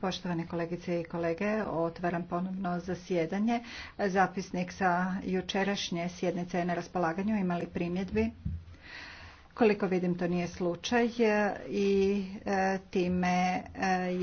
Poštovane kolegice i kolege, otvaram ponovno zasjedanje. Zapisnik sa jučerašnje sjednice je na raspolaganju. Imali primjedbi? Koliko vidim, to nije slučaj i e, time je